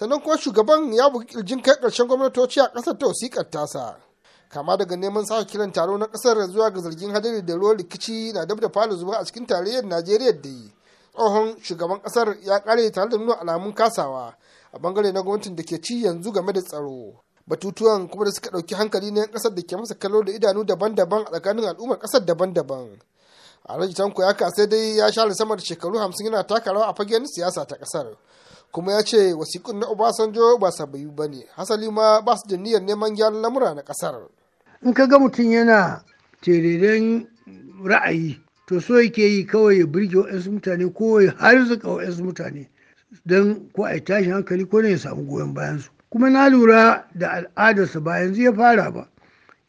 sannan kuma shugaban ya bugi kirjin kai ƙarshen gwamnatoci a ƙasar ta wasiƙar tasa kama daga neman sake kiran taro na ƙasar zuwa ga zargin hadari da ruwan rikici na dab da falo zuba a cikin tarayyar najeriya da yi tsohon shugaban ƙasar ya ƙare tare da nuna alamun kasawa a bangare na gwamnatin da ke ci yanzu game da tsaro batutuwan kuma da suka ɗauki hankali na 'yan ƙasar da ke masa kallo da idanu daban-daban a tsakanin al'ummar ƙasar daban-daban a tanko ya sai dai ya share sama da shekaru hamsin yana taka rawa a fagen siyasa ta ƙasar kuma ya ce wasikun na obasanjo ba bayu ba ne hasali ma ba su da niyyar neman gyaran lamura na kasar in ka ga mutum yana tereren ra'ayi to so yake yi kawai ya birge wa'yansu mutane ko ya harzuka wa'yansu mutane don ko a tashin hankali ko ne ya samu goyon bayansu kuma na lura da al'adarsa ba yanzu ya fara ba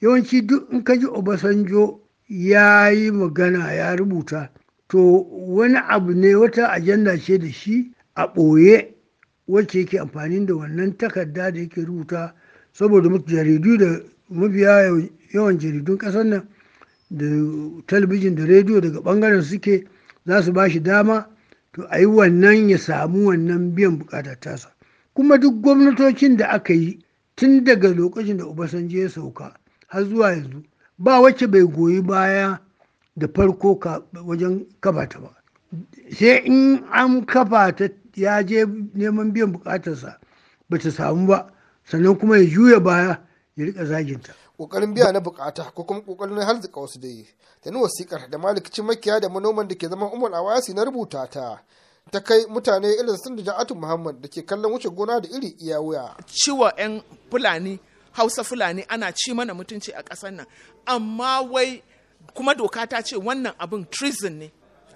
yawanci duk in ka ji obasanjo ya yi magana ya rubuta to wani abu ne wata ajanda ce da shi a ɓoye wacce yake amfani da wannan takarda da yake rubuta saboda jaridu da mabiya yawan jaridun ƙasar nan da talabijin da rediyo daga ɓangaren suke za su ba shi dama to a yi wannan ya samu wannan biyan bukatar tasa kuma duk gwamnatocin da aka yi tun daga lokacin da obasanjo ya sauka har zuwa yanzu ba wacce bai goyi baya da farko wajen kafa ta ba sai in an kafa ta ya je neman biyan bukatarsa ba ta samu ba sannan kuma ya juya baya ya rika zaginta kokarin biya na bukata ko kuma kokarin harzika wasu dai ta ni wasikar da malikacin makiya da manoman da ke zama umar awasi na rubuta ta ta kai mutane irin sun da ja'atu muhammad da ke kallon wuce gona da iri iya wuya ciwa yan fulani hausa fulani ana ci mana mutunci a ƙasar nan amma wai kuma doka ta ce wannan abin treason ne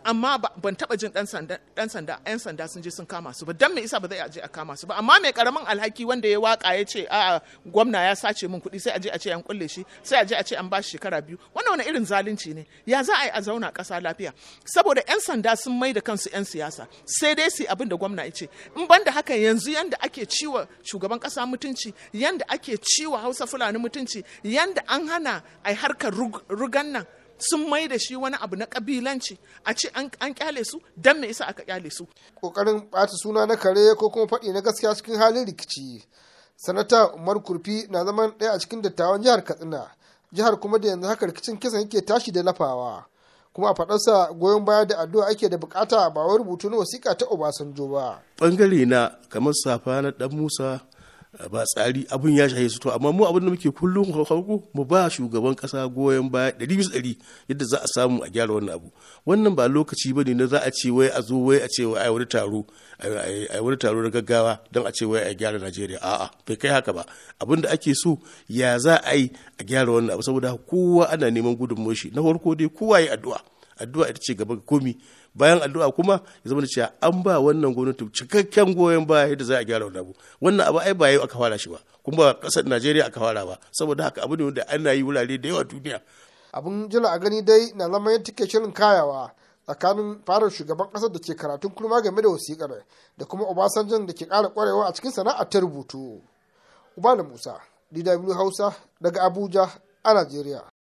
amma ban taba jin dan sanda dan sanda yan sanda sun je sun kama su ba dan me isa ba zai aje a kama su ba amma mai karamin alhaki wanda ya waka ya ce a gwamna ya sace min kuɗi sai aje a ce an kulle shi sai aje a ce an ba shi shekara biyu wannan wani irin zalunci ne ya za a yi a zauna ƙasa lafiya saboda yan sanda sun mai da kansu yan siyasa sai dai su abin da gwamna ya ce in ban da haka yanzu yanda ake ciwa shugaban ƙasa mutunci yanda ake ciwa hausa fulani mutunci yanda an hana a harkar rugan nan sun mai da shi wani abu na kabilanci a ce an kyale su don me isa aka kyale su kokarin bata suna na kare ko kuma faɗi na gaskiya cikin halin rikici sanata umar kurfi na zaman ɗaya a cikin dattawan jihar katsina jihar kuma da yanzu haka rikicin kisan yake tashi da lafawa kuma a faɗarsa goyon baya da addu'a ake da bukata ba wai rubutu na wasiƙa ta obasanjo ba bangare na kamar safa na dan musa ba tsari abun ya shahe su to amma mu abin da muke kullum farko mu ba shugaban kasa goyon baya ɗari bisa ɗari yadda za a samu a gyara wannan abu wannan ba lokaci ba ne na za a ce wai a zo wai a ce wai a wani taro a wani taro na gaggawa don a ce wai a gyara Najeriya a'a bai kai haka ba abin da ake so ya za a yi a gyara wannan abu saboda kowa ana neman gudunmawar shi na farko dai kowa ya addu'a addu'a ita ce gaba komi bayan addu'a kuma ya zama da cewa an ba wannan gwamnati cikakken goyon baya yadda za a gyara wannan abu wannan abu ai ba yau aka fara shi ba kuma ba kasar Najeriya aka fara ba saboda haka abu ne wanda ana yi wurare da yawa duniya abun jira a gani dai na zama yadda tike shirin kayawa tsakanin farar shugaban kasar da ke karatun kuma game da wasikar da kuma Obasanjan da ke ƙara kwarewa a cikin sana'ar ta rubutu Ubala Musa, DW Hausa daga Abuja a Najeriya.